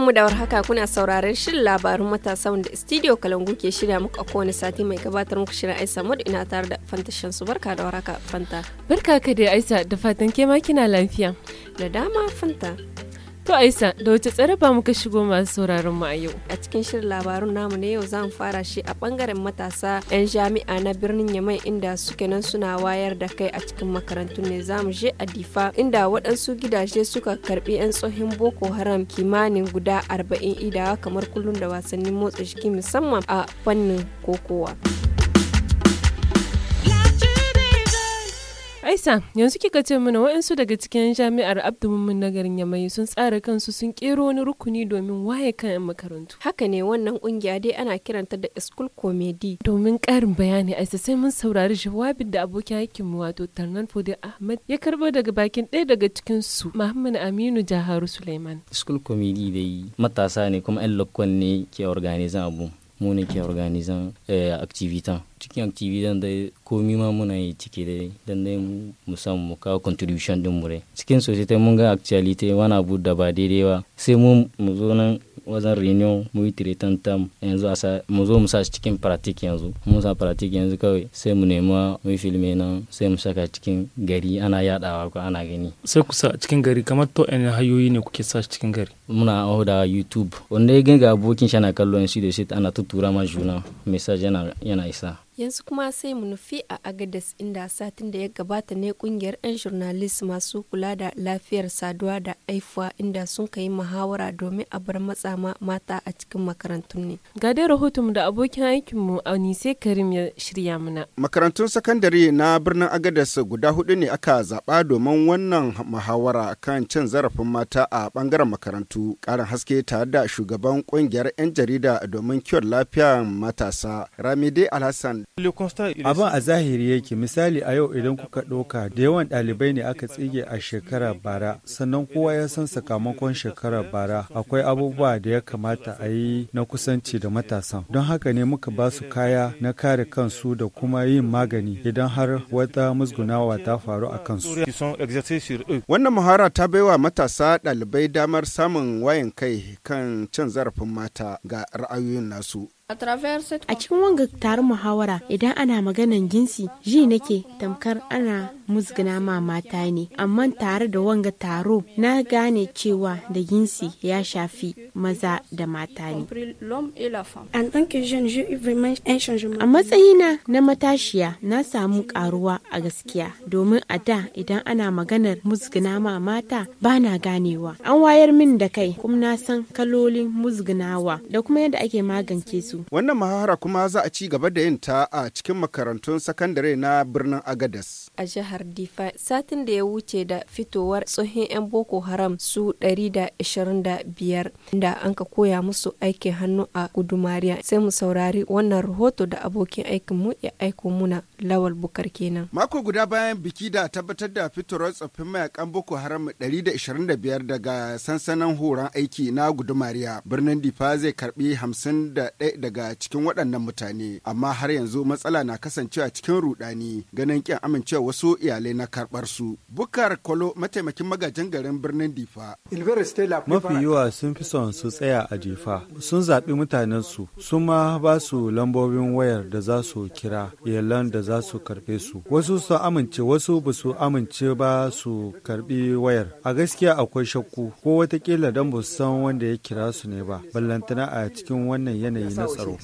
mu da warhaka kuna sauraron shirin labarun matasa wanda studio Kalangu ke shirya muku a kowane sati mai gabatar muku shirin Aisha Mod ina tare da Fanta shansu barka da warhaka Fanta. Barka ka da Aisha da fatan ke ma kina lafiya. Da dama Fanta. To Aisa, da wata tsare ba muka shigo masu sauraron mu a yau. A cikin shirin labarun namu ne yau zan fara shi a bangaren matasa 'yan jami'a na birnin Yamai inda suke nan suna wayar da kai a cikin makarantu ne za mu je a Difa inda waɗansu gidaje suka karbi 'yan tsohon Boko Haram kimanin guda arba'in idawa kamar kullum da wasannin motsa jiki musamman a fannin kokowa. Aisa, yanzu kika ce mana waɗansu daga cikin jami'ar Abdulmumin na garin Yamai sun tsara kansu sun kero wani rukuni domin waye kan 'yan makarantu. Haka ne wannan kungiya dai ana kiranta da School Comedy. Domin karin bayani Aisa sai mun saurari jawabin da abokin aikin mu wato Tarnan Fode Ahmad ya karbo daga bakin ɗaya daga cikin su Muhammad Aminu Jaharu Suleiman. School Comedy dai matasa ne kuma 'yan lokon ne ke organizing abu. mu ne ke organizan eh, activitan cikin activitan da komi ma muna yi ciki dai don dai mu samu mu kawo contribution din mu dai cikin sosai mun ga actuality wani abu da ba daidai ba sai mu mu zo nan wajen reunion mu yi tiretan tam yanzu a mu zo mu sa shi cikin pratik yanzu mu sa pratik yanzu kawai sai mu nema mu yi filme nan sai mu saka cikin gari ana yadawa ko ana gani sai ku sa cikin gari kamar to ɗan hayoyi ne kuke sa cikin gari muna aho da youtube wanda ya gani ga abokin shi ana kallon shi da shi ana tuttura ma juna message yana yana isa yanzu kuma sai mu nufi a agadas inda satin da ya gabata ne kungiyar 'yan jurnalis masu kula da lafiyar saduwa da haifuwa inda sun ka yi muhawara domin a bar matsama mata a cikin makarantun ne ga dai rahoton da abokin aikinmu nise karim ya shirya mana makarantun sakandare na birnin agadas guda hudu ne aka zaba domin wannan muhawara kan cin zarafin mata a bangaren makarantu karin haske tare da shugaban kungiyar 'yan jarida domin kiwon lafiyar matasa ramide alhassan Abin a zahiri yake misali a yau idan kuka ɗauka da yawan ɗalibai ne aka tsige a shekarar bara sannan kowa ya san sakamakon shekarar bara akwai abubuwa da ya kamata a yi na kusanci da matasan don haka ne muka ba su kaya na kare kansu da kuma yin magani idan har wata musgunawa ta faru a kansu. Wannan muhara ta baiwa matasa ɗalibai damar samun wayan kai kan cin zarafin mata ga ra'ayoyin nasu A cikin wanga taron muhawara idan ana maganan jinsi ji nake tamkar ana musgana ma mata ne amma tare da wanga taro na gane cewa da yinsi ya shafi maza da mata ne a matsayina na matashiya na samu karuwa a gaskiya domin a da idan ana maganar musgana ma mata ba na ganewa an wayar min da kai kuma na san kalolin musgunawa da kuma yadda ake magance su wannan mahara kuma za a ci gaba da yin ta a cikin makarantun sakandare na birnin agadas a jihar jihar satin da ya wuce da fitowar tsohon 'yan Boko Haram su 125 da an ka koya musu aikin hannu a gudumariya sai mu saurari wannan rahoto da abokin aikinmu ya aiko muna. Lawal Bukar kenan. Mako guda bayan biki da tabbatar da fitowar tsoffin mayakan Boko Haram 125 daga sansanin horon aiki na gudumariya birnin Difa zai karbi 51 daga cikin waɗannan mutane amma har yanzu matsala na kasancewa cikin rudani ganin kyan amincewa wasu iyalai na karɓar su. Bukar Kolo mataimakin magajin garin birnin Difa. Mafi yawa sun fi son su tsaya a Difa sun zaɓi mutanensu su ma ba su lambobin wayar da za su kira iyalan da za su karbe su wasu su amince wasu ba su amince ba su karɓi wayar a gaskiya akwai shakku ko watakila don ba su san wanda ya kira su ne ba ballantana a cikin wannan yanayi na tsaro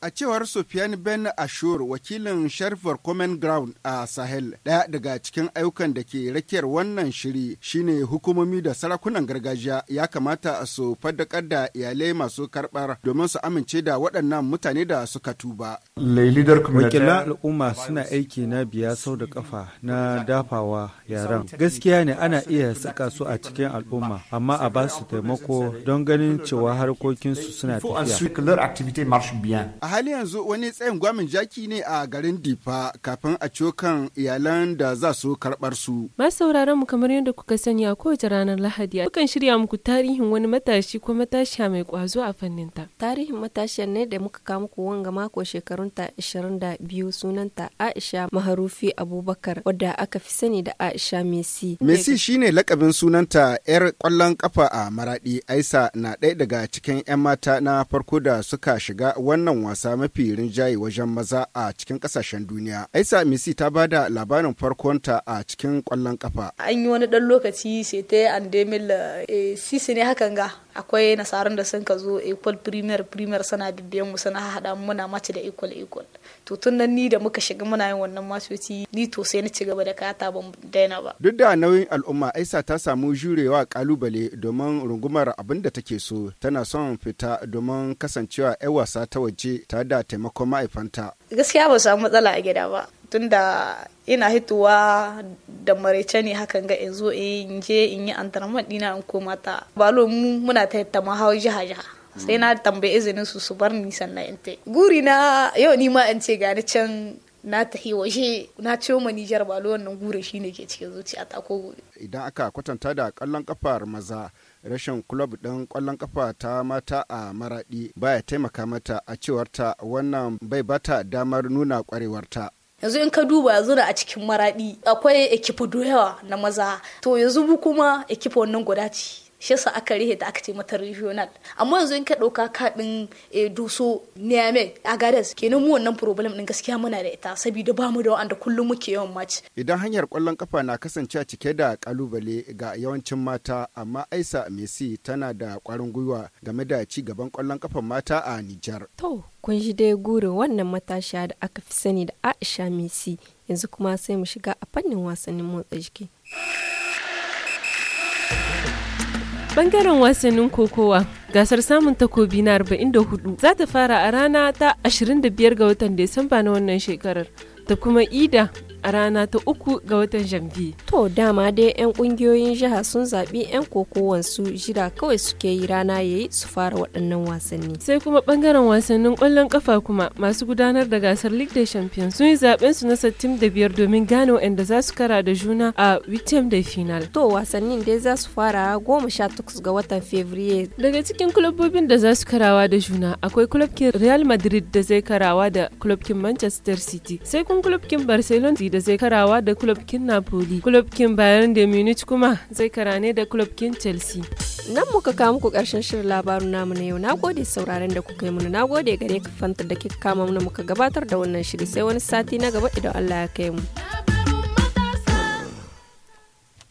a cewar Sofiane Ben Ashur wakilin sharifar Common Ground a Sahel ɗaya daga cikin ayyukan da ke rakiyar wannan shiri shine hukumomi da sarakunan gargajiya ya kamata su faddakar da iyalai masu karɓar domin su amince da waɗannan mutane da suka tuba. Wakilan al'umma suna aiki na biya sau da kafa na dafawa yaran. Gaskiya ne ana iya saka su a cikin al'umma, amma a ba su taimako don ganin cewa harkokinsu suna tafiya. A hali yanzu wani tsayin gwamin jaki ne a garin Difa kafin a cokan iyalan da za su karɓar su. sauraron mu kamar yadda kuka sani a kowace ranar Lahadi, kan shirya muku tarihin wani matashi ko matashiya mai kwazo a fannin ta. Tarihin matashiyar ne da muka kawo muku wanga mako shekarunta 22 sunanta Aisha Maharufi Abubakar wadda aka fi sani da Aisha Messi. Messi shine lakabin sunanta 'yar kwallon kafa a Maradi. Aisa na ɗaya daga cikin 'yan mata na farko da suka shiga wannan wasa mafi rinjaye wajen maza a cikin kasashen duniya. Aisa Messi ta ba da labarin farkonta a cikin kwallon kafa. An yi wani ɗan lokaci sai ta yi eh, sisi ne hakan ga akwai nasarun da sun ka zo equal premier premier suna bibiyan mu suna hada muna mace da equal equal to tun nan ni da muka shiga muna yin wannan masoci ni to sai na ci gaba da kata ban daina ba duk da nauyin al'umma aisa ta samu jurewa kalubale domin rungumar abin da take so tana son fita domin kasancewa 'yan wasa ta waje tare da taimakon ma'aifanta gaskiya ba samu matsala a gida ba tunda ina hituwa da maraice ne hakan ga in zo in je in yi antarman dina in koma ta balo mu muna ta yadda ma hau jiha jiha sai na tambaye izinin su su bar ni sannan in ta guri na yau ni ma in ce gani can na tahi waje na ciwo ma Nijar balo wannan shi shine ke cikin zuciya ta ko gobe idan aka kwatanta da kallon kafar maza rashin kulob din ƙwallon kafa ta mata a maraɗi baya taimaka mata a cewar ta wannan bai bata damar nuna ta. yanzu in ka duba yanzu da a cikin maradi akwai ekipo da na maza to yanzu mu kuma ekipo wannan guda ce shi sa aka rihe ta aka ce mata regional amma yanzu in ka ɗauka kaɗin eh, doso niamey agadas kenan mu wannan problem ɗin gaskiya muna da ita saboda mu da wanda kullum muke yawan mace idan hanyar kwallon kafa na kasance a cike da kalubale ga yawancin mata amma aisa messi tana da ƙwarin gwiwa game da ci gaban ƙwallon kafan mata a nijar to kun ji dai gurin wannan matashiya da aka fi sani da aisha messi yanzu kuma sai mu shiga a fannin wasannin motsa jiki. Bangaren wasannin kokowa gasar samun takobi na 44 za ta fara a rana ta 25 ga watan Disamba na wannan shekarar ta kuma ida a rana ta uku ga watan janvier. To dama dai 'yan kungiyoyin jiha sun zaɓi 'yan kokowansu jira kawai suke yi rana ya yi su fara waɗannan wasanni. Sai kuma ɓangaren wasannin ƙwallon ƙafa kuma masu gudanar da gasar League de Champions sun yi zaɓen su na sattim da biyar domin gano waɗanda za su kara da juna a Wittem da final. To wasannin dai za su fara goma sha takwas ga watan Fevrier. Daga cikin kulobobin da za su karawa da juna akwai kulobkin Real Madrid da zai karawa da kulobkin Manchester City sai kun kulobkin Barcelona da zai karawa da kulobkin napoli kulobkin kin bayan da munich kuma zai kara ne da kulobkin chelsea nan muka kawo muku karshen shirin labarin namu na yau na gode sauraren da kuka yi mana na gode gare ka fanta da kika kama muna muka gabatar da wannan shiri sai wani sati na gaba idan allah ya kai mu